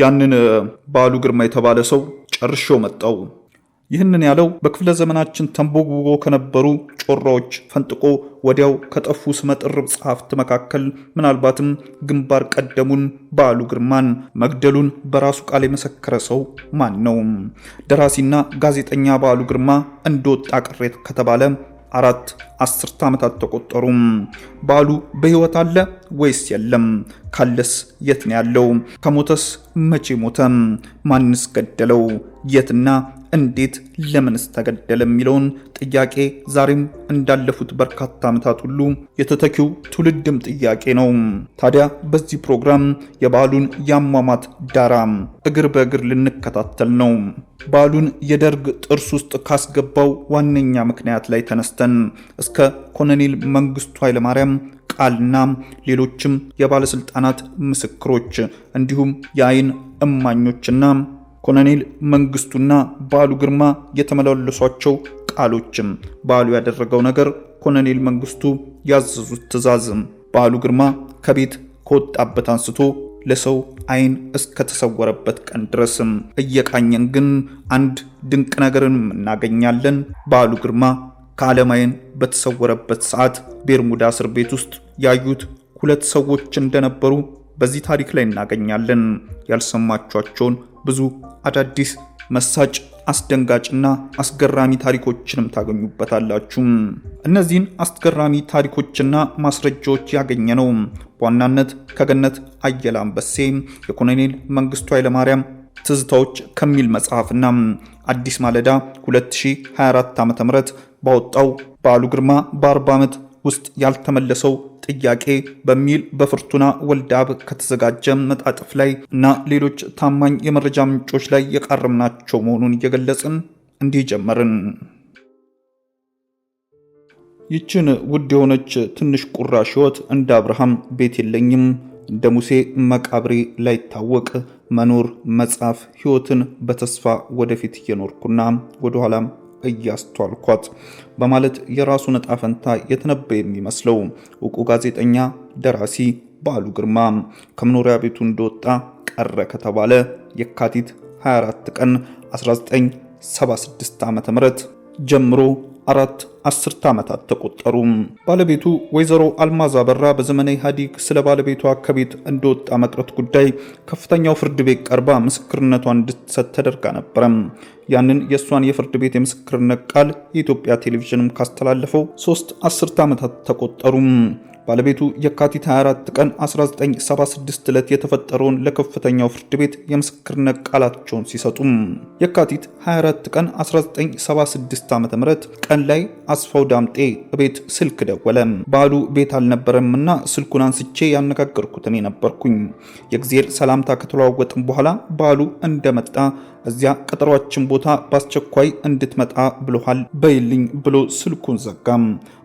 ያንን በዓሉ ግርማ የተባለ ሰው ጨርሾ መጣው። ይህንን ያለው በክፍለ ዘመናችን ተንቦግቦ ከነበሩ ጮራዎች ፈንጥቆ ወዲያው ከጠፉ ስመጥር ጸሐፍት መካከል ምናልባትም ግንባር ቀደሙን በዓሉ ግርማን መግደሉን በራሱ ቃል የመሰከረ ሰው ማን ነው? ደራሲና ጋዜጠኛ በዓሉ ግርማ እንደወጣ ቅሬት ከተባለ አራት አስርት ዓመታት ተቆጠሩም። ባሉ በህይወት አለ ወይስ የለም? ካለስ የት ነው ያለው? ከሞተስ መቼ ሞተ? ማንስ ገደለው? የትና እንዴት፣ ለምንስ ተገደለ የሚለውን ጥያቄ ዛሬም እንዳለፉት በርካታ ዓመታት ሁሉ የተተኪው ትውልድም ጥያቄ ነው። ታዲያ በዚህ ፕሮግራም የባህሉን የአሟሟት ዳራ እግር በእግር ልንከታተል ነው። ባህሉን የደርግ ጥርስ ውስጥ ካስገባው ዋነኛ ምክንያት ላይ ተነስተን እስከ ኮሎኔል መንግስቱ ኃይለማርያም ቃልና ሌሎችም የባለስልጣናት ምስክሮች እንዲሁም የአይን እማኞችና ኮሎኔል መንግስቱና በዓሉ ግርማ የተመላለሷቸው ቃሎችም በዓሉ ያደረገው ነገር፣ ኮሎኔል መንግስቱ ያዘዙት ትዕዛዝም በዓሉ ግርማ ከቤት ከወጣበት አንስቶ ለሰው አይን እስከተሰወረበት ቀን ድረስም እየቃኘን ግን አንድ ድንቅ ነገርን እናገኛለን። በዓሉ ግርማ ከዓለም አይን በተሰወረበት ሰዓት ቤርሙዳ እስር ቤት ውስጥ ያዩት ሁለት ሰዎች እንደነበሩ በዚህ ታሪክ ላይ እናገኛለን። ያልሰማችኋቸውን ብዙ አዳዲስ መሳጭ አስደንጋጭና አስገራሚ ታሪኮችንም ታገኙበታላችሁ። እነዚህን አስገራሚ ታሪኮችና ማስረጃዎች ያገኘ ነው በዋናነት ከገነት አየለ አንበሴ የኮሎኔል መንግስቱ ኃይለማርያም ትዝታዎች ከሚል መጽሐፍና አዲስ ማለዳ 2024 ዓ.ም ባወጣው በዓሉ ግርማ በ40 ዓመት ውስጥ ያልተመለሰው ጥያቄ በሚል በፍርቱና ወልዳብ ከተዘጋጀ መጣጥፍ ላይ እና ሌሎች ታማኝ የመረጃ ምንጮች ላይ የቃረምናቸው መሆኑን እየገለጽን እንዲህ ጀመርን። ይችን ውድ የሆነች ትንሽ ቁራሽ ሕይወት እንደ አብርሃም ቤት የለኝም፣ እንደ ሙሴ መቃብሬ ላይታወቅ መኖር መጻፍ ህይወትን በተስፋ ወደፊት እየኖርኩና ወደኋላም እያስተዋልኳት በማለት የራሱን ነጣፈንታ ፈንታ የሚመስለው እውቁ ጋዜጠኛ ደራሲ በዓሉ ግርማ ከመኖሪያ ቤቱ እንደወጣ ቀረ ከተባለ የካቲት 24 ቀን 1976 ዓ.ም ጀምሮ አራት አስርተ ዓመታት ተቆጠሩ። ባለቤቱ ወይዘሮ አልማዝ አበራ በዘመነ ኢህአዴግ ስለ ባለቤቷ ከቤት እንደወጣ መቅረት ጉዳይ ከፍተኛው ፍርድ ቤት ቀርባ ምስክርነቷን እንድትሰጥ ተደርጋ ነበረ። ያንን የእሷን የፍርድ ቤት የምስክርነት ቃል የኢትዮጵያ ቴሌቪዥንም ካስተላለፈው ሶስት አስርተ ዓመታት ተቆጠሩ። ባለቤቱ የካቲት 24 ቀን 1976 ዕለት የተፈጠረውን ለከፍተኛው ፍርድ ቤት የምስክርነት ቃላቸውን ሲሰጡም የካቲት 24 ቀን 1976 ዓ.ም ቀን ላይ አስፋው ዳምጤ እቤት ስልክ ደወለ። ባሉ ቤት አልነበረምና ስልኩን አንስቼ ያነጋገርኩት እኔ ነበርኩኝ። የእግዜር ሰላምታ ከተለዋወጥም በኋላ ባሉ እንደመጣ እዚያ ቀጠሯችን ቦታ በአስቸኳይ እንድትመጣ ብሎሃል በይልኝ ብሎ ስልኩን ዘጋም።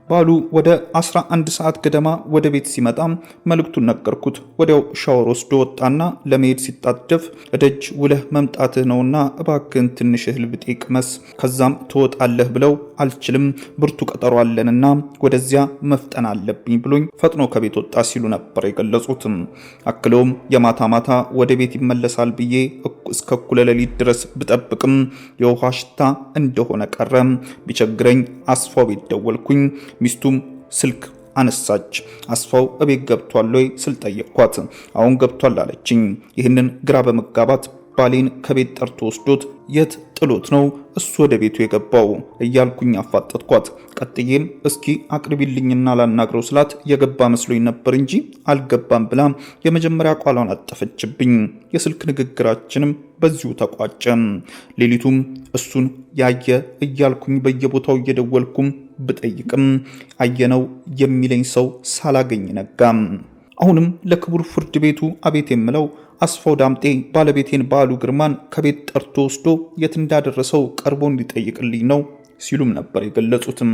ባሉ ወደ 11 ሰዓት ገደማ ወደ ቤት ሲመጣ መልእክቱን ነገርኩት። ወዲያው ሻወር ወስዶ ወጣና ለመሄድ ሲጣደፍ እደጅ ውለህ መምጣትህ ነውና እባክህን ትንሽ እህል ብጤ ቅመስ፣ ከዛም ትወጣለህ ብለው አልችልም፣ ብርቱ ቀጠሮ አለንና ወደዚያ መፍጠን አለብኝ ብሎኝ ፈጥኖ ከቤት ወጣ ሲሉ ነበር የገለጹት። አክለውም የማታ ማታ ወደ ቤት ይመለሳል ብዬ እስከ እኩለ ሌሊት ድረስ ብጠብቅም የውሃ ሽታ እንደሆነ ቀረ። ቢቸግረኝ አስፋው ቤት ደወልኩኝ። ሚስቱም ስልክ አነሳች። አስፋው እቤት ገብቷል ወይ ስል ጠየቅኳት። አሁን ገብቷል አለችኝ። ይህንን ግራ በመጋባት ባሌን ከቤት ጠርቶ ወስዶት የት ጥሎት ነው እሱ ወደ ቤቱ የገባው እያልኩኝ አፋጠጥኳት። ቀጥዬም እስኪ አቅርቢልኝና ላናግረው ስላት የገባ መስሎኝ ነበር እንጂ አልገባም ብላ የመጀመሪያ ቃሏን አጠፈችብኝ። የስልክ ንግግራችንም በዚሁ ተቋጨ። ሌሊቱም እሱን ያየ እያልኩኝ በየቦታው እየደወልኩም ብጠይቅም አየነው የሚለኝ ሰው ሳላገኝ ነጋም። አሁንም ለክቡር ፍርድ ቤቱ አቤት የምለው አስፋው ዳምጤ ባለቤቴን በዓሉ ግርማን ከቤት ጠርቶ ወስዶ የት እንዳደረሰው ቀርቦ እንዲጠይቅልኝ ነው ሲሉም ነበር የገለጹትም።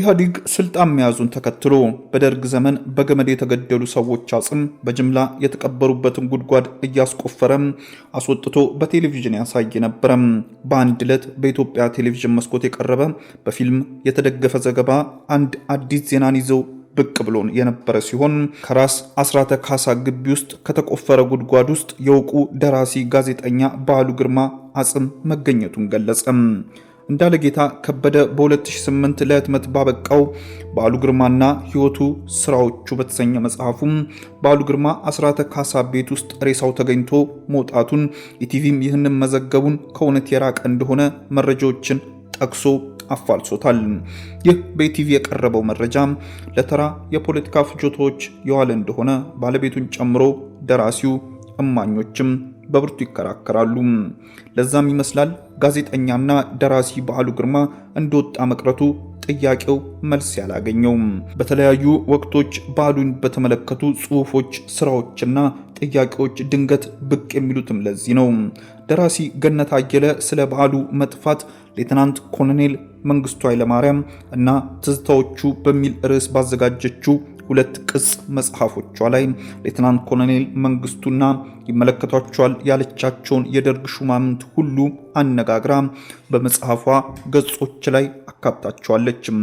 ኢህአዲግ ስልጣን መያዙን ተከትሎ በደርግ ዘመን በገመድ የተገደሉ ሰዎች አጽም በጅምላ የተቀበሩበትን ጉድጓድ እያስቆፈረም አስወጥቶ በቴሌቪዥን ያሳይ ነበረም። በአንድ ዕለት በኢትዮጵያ ቴሌቪዥን መስኮት የቀረበ በፊልም የተደገፈ ዘገባ አንድ አዲስ ዜናን ይዘው ብቅ ብሎ የነበረ ሲሆን ከራስ አስራተ ካሳ ግቢ ውስጥ ከተቆፈረ ጉድጓድ ውስጥ የውቁ ደራሲ ጋዜጠኛ በዓሉ ግርማ አጽም መገኘቱን ገለጸም። እንዳለጌታ ከበደ በ2008 ለህትመት ባበቃው በዓሉ ግርማና ህይወቱ ስራዎቹ በተሰኘ መጽሐፉም በዓሉ ግርማ አስራተ ካሳ ቤት ውስጥ ሬሳው ተገኝቶ መውጣቱን ኢቲቪም ይህንን መዘገቡን ከእውነት የራቀ እንደሆነ መረጃዎችን ጠቅሶ አፋልሶታል። ይህ በኢቲቪ የቀረበው መረጃ ለተራ የፖለቲካ ፍጆታዎች የዋለ እንደሆነ ባለቤቱን ጨምሮ ደራሲው፣ እማኞችም በብርቱ ይከራከራሉ። ለዛም ይመስላል ጋዜጠኛና ደራሲ በዓሉ ግርማ እንደወጣ መቅረቱ ጥያቄው መልስ ያላገኘውም በተለያዩ ወቅቶች በዓሉን በተመለከቱ ጽሁፎች፣ ስራዎችና ጥያቄዎች ድንገት ብቅ የሚሉትም ለዚህ ነው። ደራሲ ገነት አየለ ስለ በዓሉ መጥፋት ሌትናንት ኮሎኔል መንግስቱ ኃይለማርያም እና ትዝታዎቹ በሚል ርዕስ ባዘጋጀችው ሁለት ቅጽ መጽሐፎቿ ላይ ሌትናንት ኮሎኔል መንግስቱና ይመለከቷቸዋል ያለቻቸውን የደርግ ሹማምንት ሁሉ አነጋግራ በመጽሐፏ ገጾች ላይ አካብታቸዋለችም።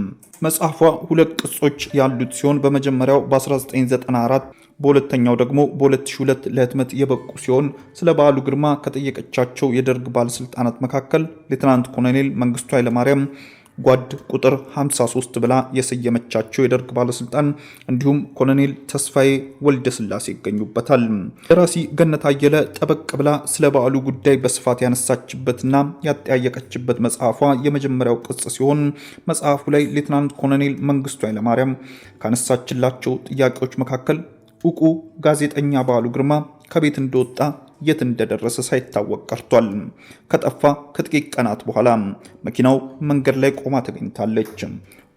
መጽሐፏ ሁለት ቅጾች ያሉት ሲሆን በመጀመሪያው በ1994 በሁለተኛው ደግሞ በ2002 ለህትመት የበቁ ሲሆን ስለ በዓሉ ግርማ ከጠየቀቻቸው የደርግ ባለስልጣናት መካከል ሌትናንት ኮሎኔል መንግስቱ ኃይለማርያም ጓድ ቁጥር 53 ብላ የሰየመቻቸው የደርግ ባለስልጣን እንዲሁም ኮሎኔል ተስፋዬ ወልደ ስላሴ ይገኙበታል። ደራሲ ገነት አየለ ጠበቅ ብላ ስለ በዓሉ ጉዳይ በስፋት ያነሳችበትና ያጠያየቀችበት መጽሐፏ የመጀመሪያው ቅጽ ሲሆን መጽሐፉ ላይ ሌትናንት ኮሎኔል መንግስቱ ኃይለማርያም ካነሳችላቸው ጥያቄዎች መካከል እውቁ ጋዜጠኛ በዓሉ ግርማ ከቤት እንደወጣ የት እንደደረሰ ሳይታወቅ ቀርቷል። ከጠፋ ከጥቂት ቀናት በኋላ መኪናው መንገድ ላይ ቆማ ተገኝታለች።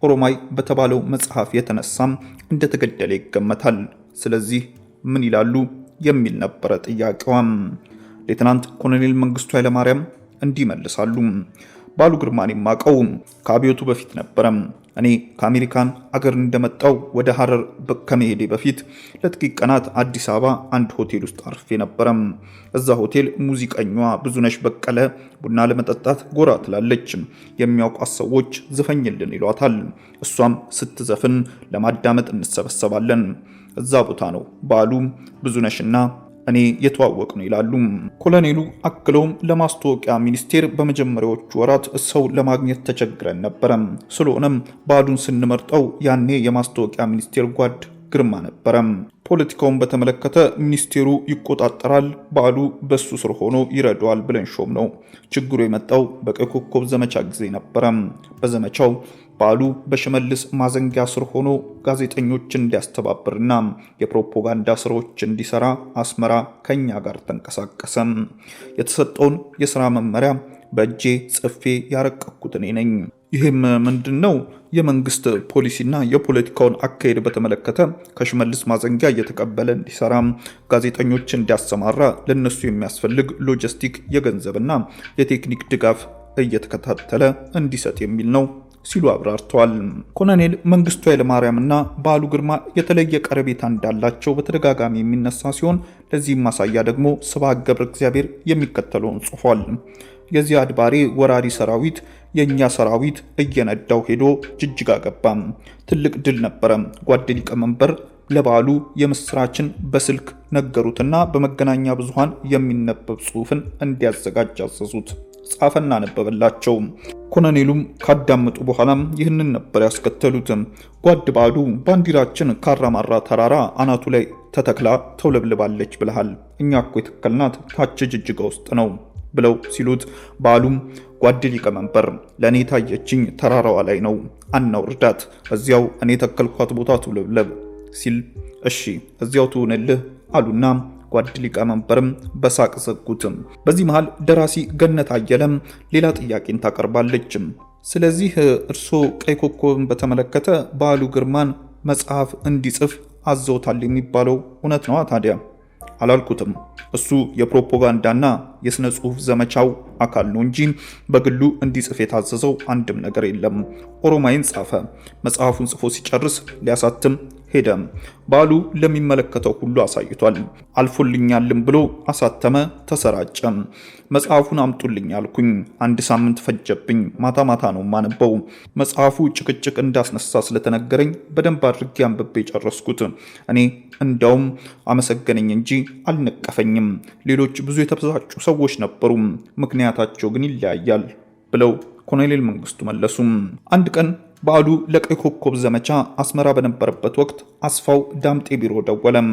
ኦሮማይ በተባለው መጽሐፍ የተነሳም እንደተገደለ ይገመታል። ስለዚህ ምን ይላሉ የሚል ነበረ ጥያቄዋ። ሌትናንት ኮሎኔል መንግስቱ ኃይለማርያም እንዲህ ይመልሳሉ። ባሉ ግርማን የማቀው ከአብዮቱ በፊት ነበረ። እኔ ከአሜሪካን አገር እንደመጣው ወደ ሀረር ከመሄዴ በፊት ለጥቂት ቀናት አዲስ አበባ አንድ ሆቴል ውስጥ አርፌ ነበረም። እዛ ሆቴል ሙዚቀኛዋ ብዙነሽ በቀለ ቡና ለመጠጣት ጎራ ትላለች። የሚያውቋት ሰዎች ዝፈኝልን ይሏታል። እሷም ስትዘፍን ለማዳመጥ እንሰበሰባለን። እዛ ቦታ ነው በዓሉ ብዙነሽና እኔ የተዋወቅ ነው ይላሉ ኮሎኔሉ። አክለውም ለማስታወቂያ ሚኒስቴር በመጀመሪያዎቹ ወራት ሰው ለማግኘት ተቸግረን ነበረም። ስለሆነም ባሉን ስንመርጠው ያኔ የማስታወቂያ ሚኒስቴር ጓድ ግርማ ነበረም። ፖለቲካውን በተመለከተ ሚኒስቴሩ ይቆጣጠራል፣ በዓሉ በሱ ስር ሆኖ ይረዳዋል ብለን ሾም ነው። ችግሩ የመጣው በቀይ ኮከብ ዘመቻ ጊዜ ነበረ። በዘመቻው ባሉ በሽመልስ ማዘንጊያ ስር ሆኖ ጋዜጠኞችን እንዲያስተባብርና የፕሮፓጋንዳ ስራዎች እንዲሰራ አስመራ ከኛ ጋር ተንቀሳቀሰም። የተሰጠውን የስራ መመሪያ በእጄ ጽፌ ያረቀኩት እኔ ነኝ። ይህም ምንድን ነው? የመንግስት ፖሊሲና የፖለቲካውን አካሄድ በተመለከተ ከሽመልስ ማዘንጊያ እየተቀበለ እንዲሰራ፣ ጋዜጠኞች እንዲያሰማራ፣ ለነሱ የሚያስፈልግ ሎጂስቲክ፣ የገንዘብና የቴክኒክ ድጋፍ እየተከታተለ እንዲሰጥ የሚል ነው ሲሉ አብራርተዋል። ኮሎኔል መንግስቱ ኃይለማርያም እና በዓሉ ግርማ የተለየ ቀረቤታ እንዳላቸው በተደጋጋሚ የሚነሳ ሲሆን ለዚህም ማሳያ ደግሞ ስብሐት ገብረ እግዚአብሔር የሚከተለውን ጽፏል። የዚህ አድባሬ ወራሪ ሰራዊት የእኛ ሰራዊት እየነዳው ሄዶ ጅጅጋ ገባም። ትልቅ ድል ነበረ። ጓድ ሊቀመንበር ለበዓሉ የምስራችን በስልክ ነገሩትና በመገናኛ ብዙሃን የሚነበብ ጽሑፍን እንዲያዘጋጅ አዘዙት። ጻፈና አነበበላቸው። ኮሎኔሉም ካዳመጡ በኋላም ይህንን ነበር ያስከተሉት ጓድ ባዱ ባንዲራችን ካራማራ ተራራ አናቱ ላይ ተተክላ ተውለብልባለች ብለሃል። እኛ እኮ የተከልናት ታች ጅጅጋ ውስጥ ነው ብለው ሲሉት ባሉም ጓድ ሊቀመንበር ለእኔ ታየችኝ ተራራዋ ላይ ነው፣ አናውርዳት፣ እዚያው እኔ ተከልኳት ቦታ ትውለብለብ ሲል እሺ እዚያው ትሆንልህ አሉና ጓድ ሊቀመንበርም በሳቅ ዘጉትም። በዚህ መሃል ደራሲ ገነት አየለም ሌላ ጥያቄን ታቀርባለችም። ስለዚህ እርሶ ቀይ ኮከብን በተመለከተ በዓሉ ግርማን መጽሐፍ እንዲጽፍ አዘውታል የሚባለው እውነት ነዋ ታዲያ? አላልኩትም። እሱ የፕሮፓጋንዳና የሥነ ጽሑፍ ዘመቻው አካል ነው እንጂ በግሉ እንዲጽፍ የታዘዘው አንድም ነገር የለም። ኦሮማይን ጻፈ። መጽሐፉን ጽፎ ሲጨርስ ሊያሳትም ሄደ። ባሉ ለሚመለከተው ሁሉ አሳይቷል። አልፎልኛልም ብሎ አሳተመ፣ ተሰራጨ። መጽሐፉን አምጡልኝ አልኩኝ። አንድ ሳምንት ፈጀብኝ። ማታ ማታ ነው ማነበው። መጽሐፉ ጭቅጭቅ እንዳስነሳ ስለተነገረኝ በደንብ አድርጌ አንብቤ ጨረስኩት። እኔ እንዳውም አመሰገነኝ እንጂ አልነቀፈኝም። ሌሎች ብዙ የተበሳጩ ሰዎች ነበሩ። ምክንያታቸው ግን ይለያያል ብለው ኮሎኔል መንግስቱ መለሱም። አንድ ቀን በዓሉ ለቀይ ኮከብ ዘመቻ አስመራ በነበረበት ወቅት አስፋው ዳምጤ ቢሮ ደወለም።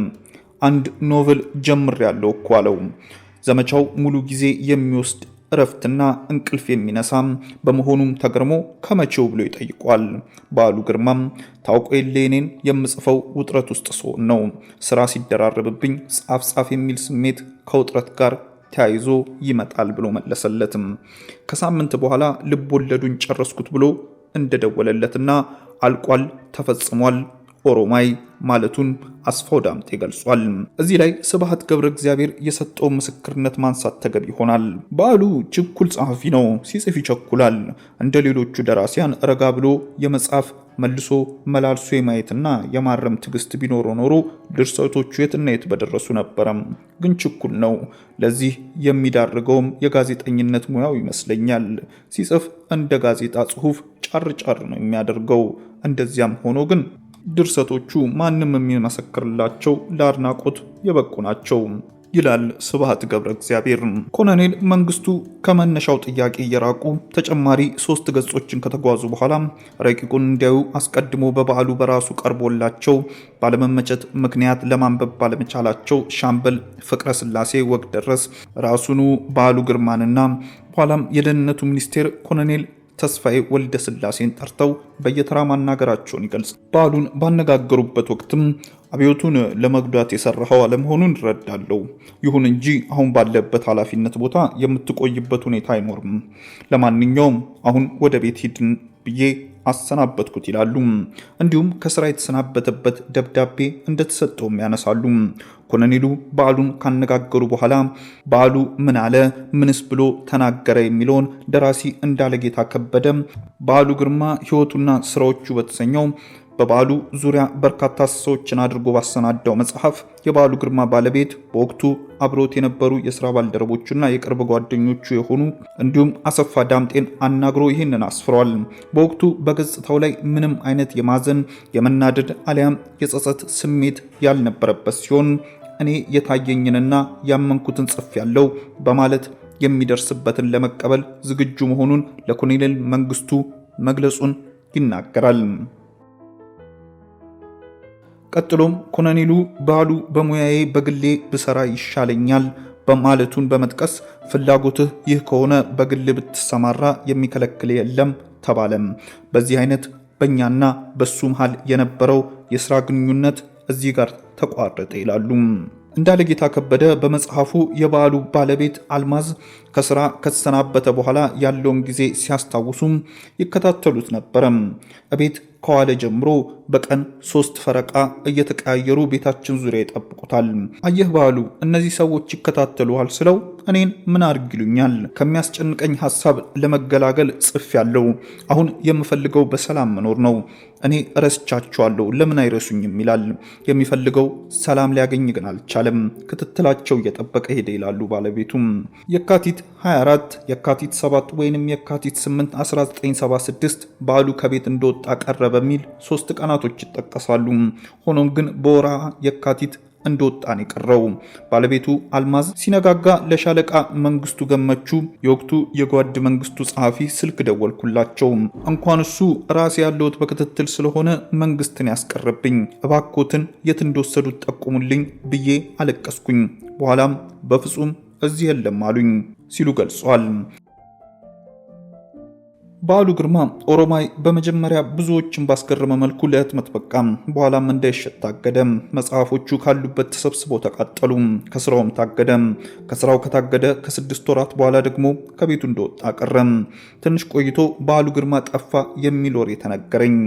አንድ ኖቨል ጀምር ያለው እኮ አለው። ዘመቻው ሙሉ ጊዜ የሚወስድ እረፍትና እንቅልፍ የሚነሳም በመሆኑም ተገርሞ ከመቼው ብሎ ይጠይቋል። በዓሉ ግርማም ታውቆ የለ እኔን የምጽፈው ውጥረት ውስጥ ስሆን ነው። ስራ ሲደራረብብኝ ጻፍ ጻፍ የሚል ስሜት ከውጥረት ጋር ተያይዞ ይመጣል ብሎ መለሰለትም። ከሳምንት በኋላ ልብ ወለዱን ጨረስኩት ብሎ እንደደወለለትና አልቋል፣ ተፈጽሟል ኦሮማይ ማለቱን አስፋው ዳምጤ ገልጿል። እዚህ ላይ ስብሐት ገብረ እግዚአብሔር የሰጠው ምስክርነት ማንሳት ተገቢ ይሆናል። በዓሉ ችኩል ጸሐፊ ነው፣ ሲጽፍ ይቸኩላል። እንደ ሌሎቹ ደራሲያን ረጋ ብሎ የመጻፍ መልሶ መላልሶ የማየትና የማረም ትዕግስት ቢኖሮ ኖሮ ድርሰቶቹ የትና የት በደረሱ ነበረም። ግን ችኩል ነው። ለዚህ የሚዳርገውም የጋዜጠኝነት ሙያው ይመስለኛል። ሲጽፍ እንደ ጋዜጣ ጽሑፍ ጫር ጫር ነው የሚያደርገው። እንደዚያም ሆኖ ግን ድርሰቶቹ ማንም የሚመሰክርላቸው ለአድናቆት የበቁ ናቸው። ይላል ስብሃት ገብረ እግዚአብሔር። ኮሎኔል መንግስቱ ከመነሻው ጥያቄ እየራቁ ተጨማሪ ሶስት ገጾችን ከተጓዙ በኋላ ረቂቁን እንዲያዩ አስቀድሞ በበዓሉ በራሱ ቀርቦላቸው ባለመመቸት ምክንያት ለማንበብ ባለመቻላቸው ሻምበል ፍቅረ ስላሴ ወግ ደረስ ራሱኑ በዓሉ ግርማንና በኋላም የደህንነቱ ሚኒስቴር ኮሎኔል ተስፋዬ ወልደ ስላሴን ጠርተው በየተራ ማናገራቸውን ይገልጽ። በዓሉን ባነጋገሩበት ወቅትም አብዮቱን ለመጉዳት የሰራኸው አለመሆኑን እረዳለሁ። ይሁን እንጂ አሁን ባለበት ኃላፊነት ቦታ የምትቆይበት ሁኔታ አይኖርም። ለማንኛውም አሁን ወደ ቤት ሂድን ብዬ አሰናበትኩት ይላሉ። እንዲሁም ከስራ የተሰናበተበት ደብዳቤ እንደተሰጠውም ያነሳሉ። ኮሎኔሉ በዓሉን ካነጋገሩ በኋላ በዓሉ ምን አለ፣ ምንስ ብሎ ተናገረ የሚለውን ደራሲ እንዳለጌታ ከበደ በዓሉ ግርማ ሕይወቱና ስራዎቹ በተሰኘው በበዓሉ ዙሪያ በርካታ ሰዎችን አድርጎ ባሰናዳው መጽሐፍ የበዓሉ ግርማ ባለቤት በወቅቱ አብሮት የነበሩ የስራ ባልደረቦቹና የቅርብ ጓደኞቹ የሆኑ እንዲሁም አሰፋ ዳምጤን አናግሮ ይህንን አስፍሯል። በወቅቱ በገጽታው ላይ ምንም አይነት የማዘን የመናደድ አሊያም የጸጸት ስሜት ያልነበረበት ሲሆን እኔ የታየኝንና ያመንኩትን ጽፍ ያለው በማለት የሚደርስበትን ለመቀበል ዝግጁ መሆኑን ለኮሎኔል መንግስቱ መግለጹን ይናገራል። ቀጥሎም ኮሎኔሉ ባሉ በሙያዬ በግሌ ብሰራ ይሻለኛል በማለቱን በመጥቀስ ፍላጎትህ ይህ ከሆነ በግል ብትሰማራ የሚከለክል የለም ተባለም። በዚህ አይነት በእኛና በሱ መሃል የነበረው የሥራ ግንኙነት እዚህ ጋር ተቋረጠ ይላሉ። እንዳለጌታ ከበደ በመጽሐፉ የበዓሉ ባለቤት አልማዝ ከስራ ከተሰናበተ በኋላ ያለውን ጊዜ ሲያስታውሱም ይከታተሉት ነበረም። እቤት ከዋለ ጀምሮ በቀን ሶስት ፈረቃ እየተቀያየሩ ቤታችን ዙሪያ ይጠብቁታል። አየህ ባሉ እነዚህ ሰዎች ይከታተሉሃል ስለው እኔን ምን አድርግ ይሉኛል። ከሚያስጨንቀኝ ሀሳብ ለመገላገል ጽፍ ያለው አሁን የምፈልገው በሰላም መኖር ነው። እኔ እረስቻቸዋለሁ ለምን አይረሱኝም ይላል። የሚፈልገው ሰላም ሊያገኝ ግን አልቻለም። ክትትላቸው እየጠበቀ ሄደ ይላሉ ባለቤቱም። የካቲት 24 የካቲት 7 ወይንም የካቲት 8 1976 ባህሉ ከቤት እንደወጣ ቀረ በሚል ሶስት ቀናቶች ይጠቀሳሉ። ሆኖም ግን በወርሃ የካቲት እንደወጣን የቀረው ባለቤቱ አልማዝ ሲነጋጋ ለሻለቃ መንግስቱ ገመቹ የወቅቱ የጓድ መንግስቱ ጸሐፊ ስልክ ደወልኩላቸው። እንኳን እሱ ራሴ ያለሁት በክትትል ስለሆነ መንግስትን ያስቀረብኝ፣ እባኮትን የት እንደወሰዱት ጠቁሙልኝ ብዬ አለቀስኩኝ። በኋላም በፍጹም እዚህ የለም አሉኝ ሲሉ ገልጿል። በዓሉ ግርማ ኦሮማይ በመጀመሪያ ብዙዎችን ባስገረመ መልኩ ለህትመት በቃም። በኋላም እንዳይሸጥ ታገደም። መጽሐፎቹ ካሉበት ተሰብስበው ተቃጠሉ። ከስራውም ታገደም። ከስራው ከታገደ ከስድስት ወራት በኋላ ደግሞ ከቤቱ እንደወጣ ቀረም። ትንሽ ቆይቶ በዓሉ ግርማ ጠፋ የሚል ወሬ ተነገረኝ።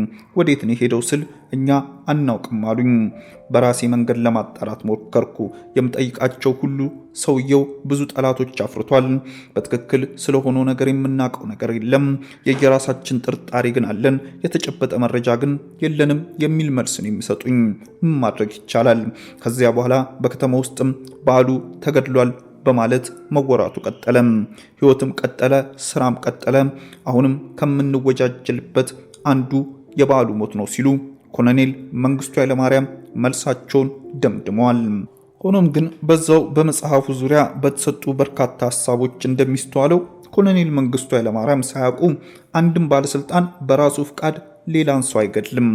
ወዴት ነው የሄደው ስል እኛ አናውቅም አሉኝ። በራሴ መንገድ ለማጣራት ሞከርኩ። የምጠይቃቸው ሁሉ ሰውየው ብዙ ጠላቶች አፍርቷል። በትክክል ስለሆነው ነገር የምናውቀው ነገር የለም። የየራሳችን ጥርጣሬ ግን አለን፣ የተጨበጠ መረጃ ግን የለንም የሚል መልስን የሚሰጡኝ ማድረግ ይቻላል። ከዚያ በኋላ በከተማ ውስጥም በዓሉ ተገድሏል በማለት መወራቱ ቀጠለም። ህይወትም ቀጠለ፣ ስራም ቀጠለ። አሁንም ከምንወጃጀልበት አንዱ የበዓሉ ሞት ነው ሲሉ ኮሎኔል መንግስቱ ኃይለማርያም መልሳቸውን ደምድመዋል። ሆኖም ግን በዛው በመጽሐፉ ዙሪያ በተሰጡ በርካታ ሀሳቦች እንደሚስተዋለው ኮሎኔል መንግስቱ ኃይለማርያም ሳያውቁ አንድም ባለስልጣን በራሱ ፍቃድ ሌላን ሰው አይገድልም፣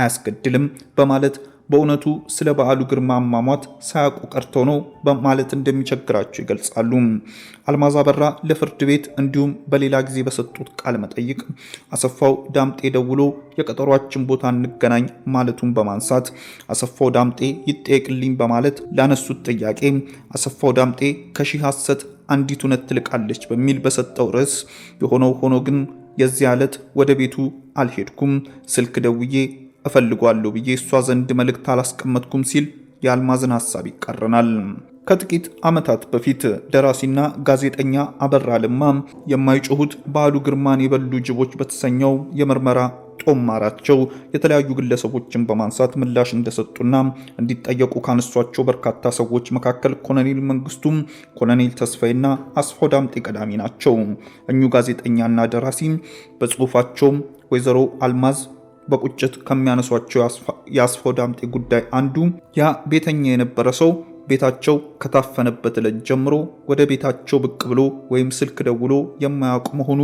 አያስገድልም በማለት በእውነቱ ስለ በዓሉ ግርማ አሟሟት ሳያውቁ ቀርቶ ነው በማለት እንደሚቸግራቸው ይገልጻሉ። አልማዝ አበራ ለፍርድ ቤት እንዲሁም በሌላ ጊዜ በሰጡት ቃለ መጠይቅ አሰፋው ዳምጤ ደውሎ የቀጠሯችን ቦታ እንገናኝ ማለቱን በማንሳት አሰፋው ዳምጤ ይጠየቅልኝ በማለት ላነሱት ጥያቄ አሰፋው ዳምጤ ከሺህ ሐሰት አንዲት እውነት ትልቃለች በሚል በሰጠው ርዕስ የሆነው ሆኖ ግን የዚያ ዕለት ወደ ቤቱ አልሄድኩም፣ ስልክ ደውዬ እፈልጓለሁ ብዬ እሷ ዘንድ መልእክት አላስቀመጥኩም ሲል የአልማዝን ሐሳብ ይቃረናል። ከጥቂት ዓመታት በፊት ደራሲና ጋዜጠኛ አበራ ለማም የማይጮሁት በዓሉ ግርማን የበሉ ጅቦች በተሰኘው የምርመራ ጦማራቸው የተለያዩ ግለሰቦችን በማንሳት ምላሽ እንደሰጡና እንዲጠየቁ ካነሷቸው በርካታ ሰዎች መካከል ኮሎኔል መንግስቱም፣ ኮሎኔል ተስፋዬና አስፋው ዳምጤ ቀዳሚ ናቸው። እኙ ጋዜጠኛና ደራሲ በጽሁፋቸው ወይዘሮ አልማዝ በቁጭት ከሚያነሷቸው የአስፋው ዳምጤ ጉዳይ አንዱ ያ ቤተኛ የነበረ ሰው ቤታቸው ከታፈነበት ዕለት ጀምሮ ወደ ቤታቸው ብቅ ብሎ ወይም ስልክ ደውሎ የማያውቅ መሆኑ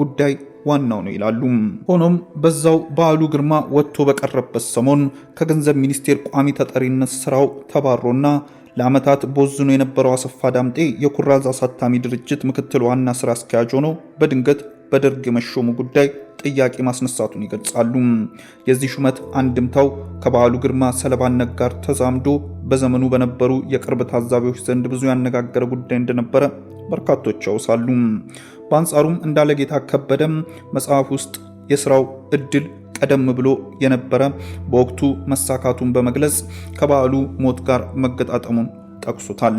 ጉዳይ ዋናው ነው ይላሉ። ሆኖም በዛው በዓሉ ግርማ ወጥቶ በቀረበት ሰሞን ከገንዘብ ሚኒስቴር ቋሚ ተጠሪነት ስራው ተባሮና ለዓመታት ቦዝኖ የነበረው አሰፋ ዳምጤ የኩራዝ አሳታሚ ድርጅት ምክትል ዋና ስራ አስኪያጅ ሆኖ በድንገት በደርግ የመሾሙ ጉዳይ ጥያቄ ማስነሳቱን ይገልጻሉ። የዚህ ሹመት አንድምታው ከበዓሉ ግርማ ሰለባነት ጋር ተዛምዶ በዘመኑ በነበሩ የቅርብ ታዛቢዎች ዘንድ ብዙ ያነጋገረ ጉዳይ እንደነበረ በርካቶች ያውሳሉ። በአንጻሩም እንዳለጌታ ከበደም መጽሐፍ ውስጥ የስራው እድል ቀደም ብሎ የነበረ በወቅቱ መሳካቱን በመግለጽ ከበዓሉ ሞት ጋር መገጣጠሙን ጠቅሱታል።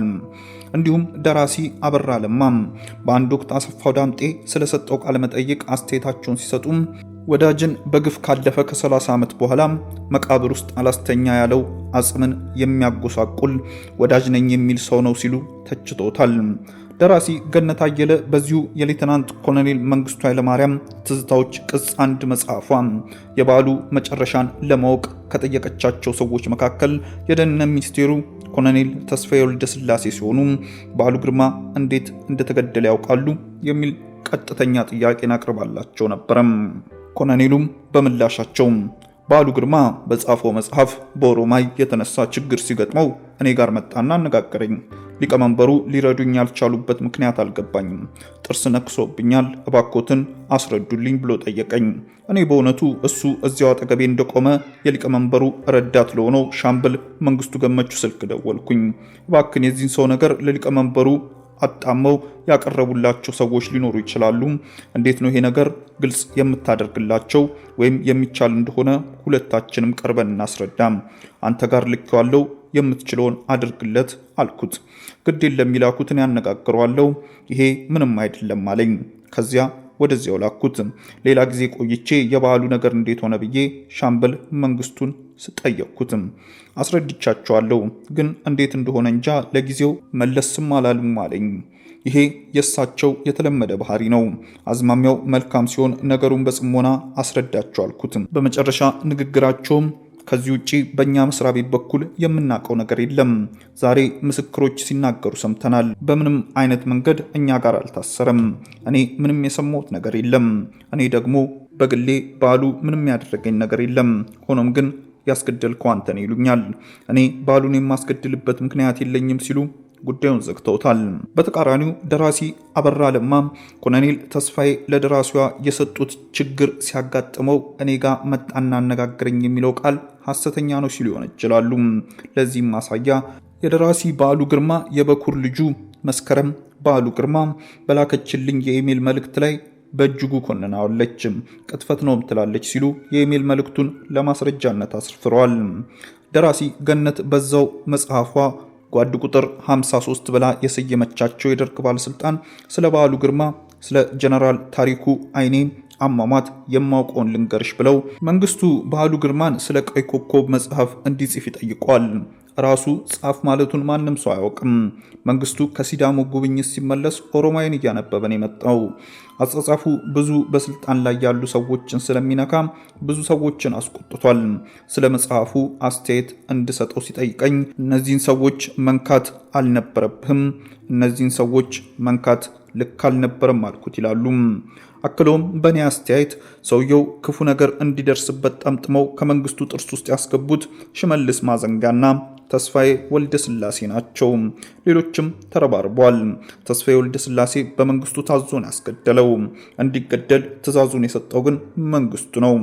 እንዲሁም ደራሲ አበራ ለማም በአንድ ወቅት አሰፋው ዳምጤ ስለሰጠው ቃለ መጠይቅ አስተያየታቸውን ሲሰጡም ወዳጅን በግፍ ካለፈ ከ30 ዓመት በኋላ መቃብር ውስጥ አላስተኛ ያለው አጽምን የሚያጎሳቁል ወዳጅ ነኝ የሚል ሰው ነው ሲሉ ተችቶታል። ደራሲ ገነት አየለ በዚሁ የሌተናንት ኮሎኔል መንግስቱ ኃይለማርያም ትዝታዎች ቅጽ አንድ መጽሐፏ የበዓሉ መጨረሻን ለማወቅ ከጠየቀቻቸው ሰዎች መካከል የደህንነት ሚኒስቴሩ ኮሎኔል ተስፋዬ ወልደ ስላሴ ሲሆኑ በዓሉ ግርማ እንዴት እንደተገደለ ያውቃሉ የሚል ቀጥተኛ ጥያቄን አቅርባላቸው ነበረም። ኮሎኔሉም በምላሻቸው በዓሉ ግርማ በጻፈው መጽሐፍ በኦሮማይ የተነሳ ችግር ሲገጥመው እኔ ጋር መጣና አነጋገረኝ። ሊቀመንበሩ ሊረዱኝ ያልቻሉበት ምክንያት አልገባኝም። ጥርስ ነክሶብኛል፣ እባኮትን አስረዱልኝ ብሎ ጠየቀኝ። እኔ በእውነቱ እሱ እዚያው አጠገቤ እንደቆመ የሊቀመንበሩ ረዳት ለሆነው ሻምበል መንግስቱ ገመቹ ስልክ ደወልኩኝ። እባክን የዚህን ሰው ነገር ለሊቀመንበሩ አጣመው ያቀረቡላቸው ሰዎች ሊኖሩ ይችላሉ። እንዴት ነው ይሄ ነገር ግልጽ የምታደርግላቸው ወይም የሚቻል እንደሆነ ሁለታችንም ቀርበን እናስረዳም። አንተ ጋር ልኬዋለሁ የምትችለውን አድርግለት አልኩት። ግድ የለም ይላኩትን ያነጋግረዋለው። ይሄ ምንም አይደለም አለኝ። ከዚያ ወደዚያው ላኩት። ሌላ ጊዜ ቆይቼ የበዓሉ ነገር እንዴት ሆነ ብዬ ሻምበል መንግስቱን ስጠየቅኩትም አስረድቻቸዋለሁ፣ ግን እንዴት እንደሆነ እንጃ ለጊዜው መለስም አላሉም አለኝ። ይሄ የእሳቸው የተለመደ ባህሪ ነው። አዝማሚያው መልካም ሲሆን ነገሩን በጽሞና አስረዳቸው አልኩት። በመጨረሻ ንግግራቸውም ከዚህ ውጪ በእኛ መስሪያ ቤት በኩል የምናውቀው ነገር የለም። ዛሬ ምስክሮች ሲናገሩ ሰምተናል። በምንም አይነት መንገድ እኛ ጋር አልታሰረም። እኔ ምንም የሰማሁት ነገር የለም። እኔ ደግሞ በግሌ ባሉ ምንም ያደረገኝ ነገር የለም። ሆኖም ግን ያስገደልከው አንተ ይሉኛል። እኔ ባሉን የማስገድልበት ምክንያት የለኝም ሲሉ ጉዳዩን ዘግተውታል። በተቃራኒው ደራሲ አበራ ለማ ኮሎኔል ተስፋዬ ለደራሲዋ የሰጡት ችግር ሲያጋጥመው እኔ ጋ መጣና አነጋግረኝ የሚለው ቃል ሐሰተኛ ነው ሲሉ ይወነጅላሉ። ለዚህም ማሳያ የደራሲ በዓሉ ግርማ የበኩር ልጁ መስከረም በዓሉ ግርማ በላከችልኝ የኢሜል መልእክት ላይ በእጅጉ ኮንናዋለች፣ ቅጥፈት ነውም ትላለች ሲሉ የኢሜል መልእክቱን ለማስረጃነት አስፍረዋል። ደራሲ ገነት በዛው መጽሐፏ ጓድ ቁጥር 53 ብላ የሰየመቻቸው የደርግ ባለስልጣን ስለ በዓሉ ግርማ፣ ስለ ጀነራል ታሪኩ አይኔ አሟሟት የማውቀውን ልንገርሽ ብለው መንግስቱ በዓሉ ግርማን ስለ ቀይ ኮከብ መጽሐፍ እንዲጽፍ ይጠይቋል። ራሱ ጻፍ ማለቱን ማንም ሰው አያውቅም። መንግስቱ ከሲዳሞ ጉብኝት ሲመለስ ኦሮማይን እያነበበን የመጣው አጻጻፉ ብዙ በስልጣን ላይ ያሉ ሰዎችን ስለሚነካ ብዙ ሰዎችን አስቆጥቷል። ስለ መጽሐፉ አስተያየት እንድሰጠው ሲጠይቀኝ እነዚህን ሰዎች መንካት አልነበረብህም፣ እነዚህን ሰዎች መንካት ልክ አልነበረም አልኩት ይላሉ። አክሎም በእኔ አስተያየት ሰውየው ክፉ ነገር እንዲደርስበት ጠምጥመው ከመንግስቱ ጥርስ ውስጥ ያስገቡት ሽመልስ ማዘንጋና ተስፋዬ ወልደ ስላሴ ናቸው። ሌሎችም ተረባርቧል። ተስፋዬ ወልደ ስላሴ በመንግስቱ ታዞን ያስገደለው እንዲገደል ትዕዛዙን የሰጠው ግን መንግስቱ ነው።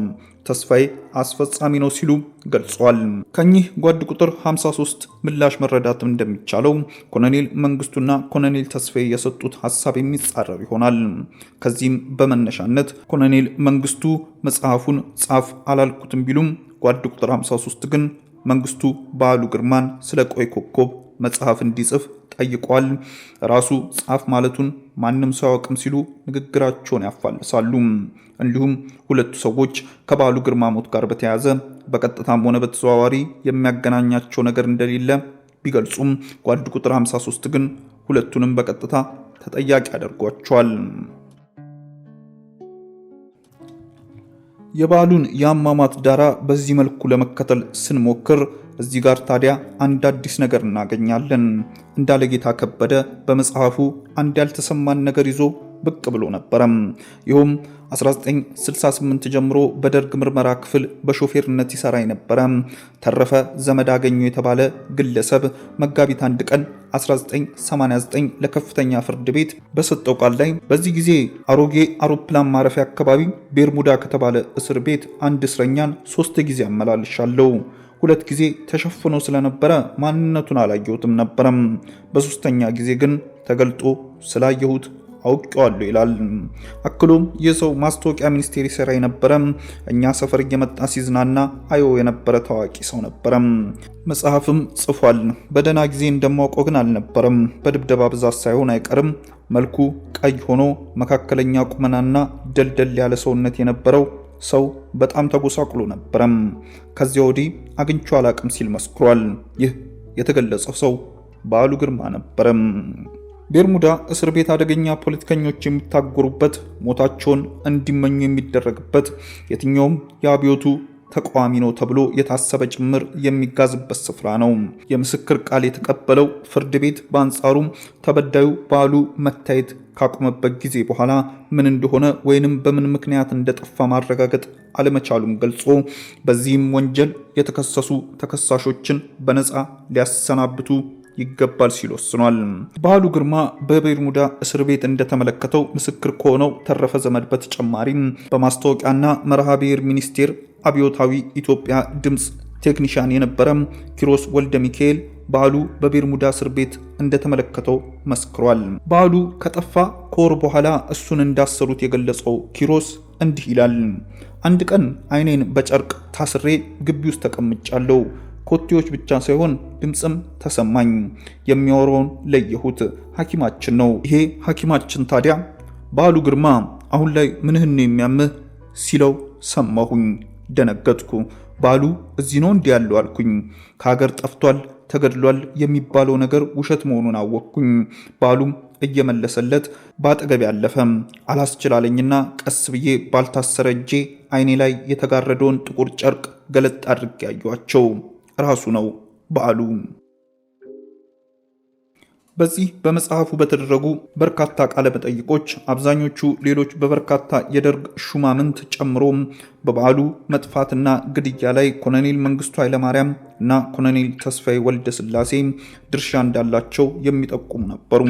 ተስፋዬ አስፈጻሚ ነው ሲሉ ገልጿል። ከኚህ ጓድ ቁጥር 53 ምላሽ መረዳትም እንደሚቻለው ኮሎኔል መንግስቱና ኮሎኔል ተስፋዬ የሰጡት ሀሳብ የሚጻረር ይሆናል። ከዚህም በመነሻነት ኮሎኔል መንግስቱ መጽሐፉን ጻፍ አላልኩትም ቢሉም ጓድ ቁጥር 53 ግን መንግስቱ በዓሉ ግርማን ስለ ቆይ ኮከብ መጽሐፍ እንዲጽፍ ጠይቋል። ራሱ ጻፍ ማለቱን ማንም ሰው አያውቅም ሲሉ ንግግራቸውን ያፋልሳሉ። እንዲሁም ሁለቱ ሰዎች ከበዓሉ ግርማ ሞት ጋር በተያያዘ በቀጥታም ሆነ በተዘዋዋሪ የሚያገናኛቸው ነገር እንደሌለ ቢገልጹም ጓድ ቁጥር 53 ግን ሁለቱንም በቀጥታ ተጠያቂ አድርጓቸዋል። የበዓሉን የአሟሟት ዳራ በዚህ መልኩ ለመከተል ስንሞክር እዚህ ጋር ታዲያ አንድ አዲስ ነገር እናገኛለን። እንዳለጌታ ከበደ በመጽሐፉ አንድ ያልተሰማን ነገር ይዞ ብቅ ብሎ ነበረም። ይሁም 1968 ጀምሮ በደርግ ምርመራ ክፍል በሾፌርነት ይሰራ የነበረ ተረፈ ዘመድ አገኙ የተባለ ግለሰብ መጋቢት አንድ ቀን 1989 ለከፍተኛ ፍርድ ቤት በሰጠው ቃል ላይ በዚህ ጊዜ አሮጌ አውሮፕላን ማረፊያ አካባቢ ቤርሙዳ ከተባለ እስር ቤት አንድ እስረኛን ሶስት ጊዜ አመላልሻለሁ ሁለት ጊዜ ተሸፍኖ ስለነበረ ማንነቱን አላየሁትም ነበረም። በሶስተኛ ጊዜ ግን ተገልጦ ስላየሁት አውቀዋለሁ ይላል። አክሎም ይህ ሰው ማስታወቂያ ሚኒስቴር ይሰራ የነበረ እኛ ሰፈር እየመጣ ሲዝናና አዮ የነበረ ታዋቂ ሰው ነበረ። መጽሐፍም ጽፏል። በደህና ጊዜ እንደማውቀው ግን አልነበረም። በድብደባ ብዛት ሳይሆን አይቀርም። መልኩ ቀይ ሆኖ መካከለኛ ቁመናና ደልደል ያለ ሰውነት የነበረው ሰው በጣም ተጎሳቁሎ ነበረም። ከዚያ ወዲህ አግኝቼው አላቅም ሲል መስክሯል። ይህ የተገለጸው ሰው በዓሉ ግርማ ነበረም። ቤርሙዳ እስር ቤት አደገኛ ፖለቲከኞች የሚታጎሩበት፣ ሞታቸውን እንዲመኙ የሚደረግበት፣ የትኛውም የአብዮቱ ተቃዋሚ ነው ተብሎ የታሰበ ጭምር የሚጋዝበት ስፍራ ነው። የምስክር ቃል የተቀበለው ፍርድ ቤት በአንጻሩም ተበዳዩ ባሉ መታየት ካቆመበት ጊዜ በኋላ ምን እንደሆነ ወይንም በምን ምክንያት እንደጠፋ ማረጋገጥ አለመቻሉም ገልጾ በዚህም ወንጀል የተከሰሱ ተከሳሾችን በነፃ ሊያሰናብቱ ይገባል ሲል ወስኗል። በዓሉ ግርማ በቤርሙዳ እስር ቤት እንደተመለከተው ምስክር ከሆነው ተረፈ ዘመድ በተጨማሪ በማስታወቂያና መርሃ ብሔር ሚኒስቴር አብዮታዊ ኢትዮጵያ ድምፅ ቴክኒሽያን የነበረ ኪሮስ ወልደ ሚካኤል በዓሉ በቤርሙዳ እስር ቤት እንደተመለከተው መስክሯል። በዓሉ ከጠፋ ከወር በኋላ እሱን እንዳሰሩት የገለጸው ኪሮስ እንዲህ ይላል። አንድ ቀን አይኔን በጨርቅ ታስሬ ግቢ ውስጥ ተቀምጫለሁ። ኮቴዎች ብቻ ሳይሆን ድምፅም ተሰማኝ። የሚያወራውን ለየሁት። ሐኪማችን ነው ይሄ ሐኪማችን። ታዲያ በዓሉ ግርማ አሁን ላይ ምንህን የሚያምህ ሲለው ሰማሁኝ። ደነገጥኩ። በዓሉ እዚህ ነው እንዲህ ያለው አልኩኝ። ከሀገር ጠፍቷል ተገድሏል የሚባለው ነገር ውሸት መሆኑን አወቅኩኝ። በዓሉም እየመለሰለት በአጠገብ ያለፈም አላስችላለኝና ቀስ ብዬ ባልታሰረ እጄ አይኔ ላይ የተጋረደውን ጥቁር ጨርቅ ገለጥ አድርጌ ያዩቸው ራሱ ነው በዓሉ። በዚህ በመጽሐፉ በተደረጉ በርካታ ቃለመጠይቆች አብዛኞቹ ሌሎች በበርካታ የደርግ ሹማምንት ጨምሮም በበዓሉ መጥፋትና ግድያ ላይ ኮሎኔል መንግስቱ ኃይለማርያም እና ኮሎኔል ተስፋዬ ወልደ ስላሴ ድርሻ እንዳላቸው የሚጠቁሙ ነበሩ።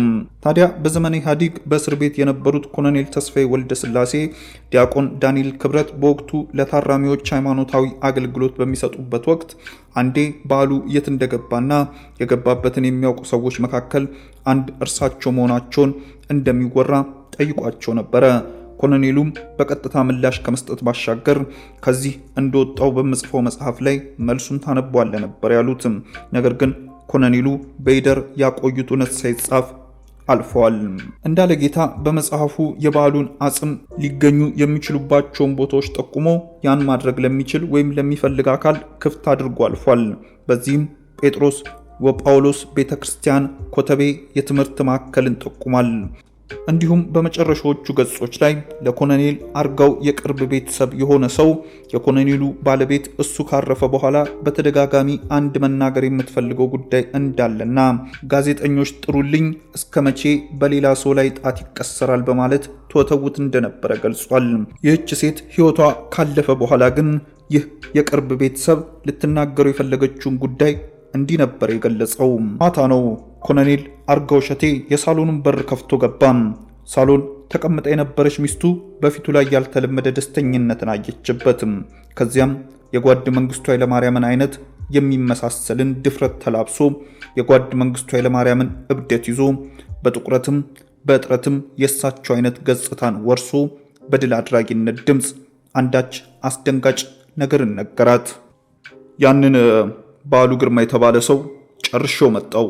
ታዲያ በዘመነ ኢህአዴግ በእስር ቤት የነበሩት ኮሎኔል ተስፋዬ ወልደ ስላሴ ዲያቆን ዳንኤል ክብረት በወቅቱ ለታራሚዎች ሃይማኖታዊ አገልግሎት በሚሰጡበት ወቅት አንዴ በዓሉ የት እንደገባና የገባበትን የሚያውቁ ሰዎች መካከል አንድ እርሳቸው መሆናቸውን እንደሚወራ ጠይቋቸው ነበረ። ኮሎኔሉም በቀጥታ ምላሽ ከመስጠት ባሻገር ከዚህ እንደወጣው በምጽፈው መጽሐፍ ላይ መልሱን ታነቧለ ነበር ያሉትም። ነገር ግን ኮሎኔሉ በይደር ያቆዩት እውነት ሳይጻፍ አልፈዋል። እንዳለ ጌታ በመጽሐፉ የበዓሉን አጽም ሊገኙ የሚችሉባቸውን ቦታዎች ጠቁሞ ያን ማድረግ ለሚችል ወይም ለሚፈልግ አካል ክፍት አድርጎ አልፏል። በዚህም ጴጥሮስ ወጳውሎስ ቤተ ክርስቲያን ኮተቤ የትምህርት ማዕከልን ጠቁሟል። እንዲሁም በመጨረሻዎቹ ገጾች ላይ ለኮሎኔል አርጋው የቅርብ ቤተሰብ የሆነ ሰው የኮሎኔሉ ባለቤት እሱ ካረፈ በኋላ በተደጋጋሚ አንድ መናገር የምትፈልገው ጉዳይ እንዳለና ጋዜጠኞች ጥሩልኝ፣ እስከ መቼ በሌላ ሰው ላይ ጣት ይቀሰራል በማለት ተወተውት እንደነበረ ገልጿል። ይህች ሴት ሕይወቷ ካለፈ በኋላ ግን ይህ የቅርብ ቤተሰብ ልትናገረው የፈለገችውን ጉዳይ እንዲህ ነበር የገለጸው። ማታ ነው። ኮሎኔል አርጋው ሸቴ የሳሎኑን በር ከፍቶ ገባ። ሳሎን ተቀምጣ የነበረች ሚስቱ በፊቱ ላይ ያልተለመደ ደስተኝነትን አየችበትም። ከዚያም የጓድ መንግስቱ ኃይለማርያምን አይነት የሚመሳሰልን ድፍረት ተላብሶ የጓድ መንግስቱ ኃይለማርያምን እብደት ይዞ በጥቁረትም በእጥረትም የእሳቸው አይነት ገጽታን ወርሶ በድል አድራጊነት ድምፅ አንዳች አስደንጋጭ ነገርን ነገራት። ያንን ባሉ ግርማ የተባለ ሰው ጨርሾ መጣው።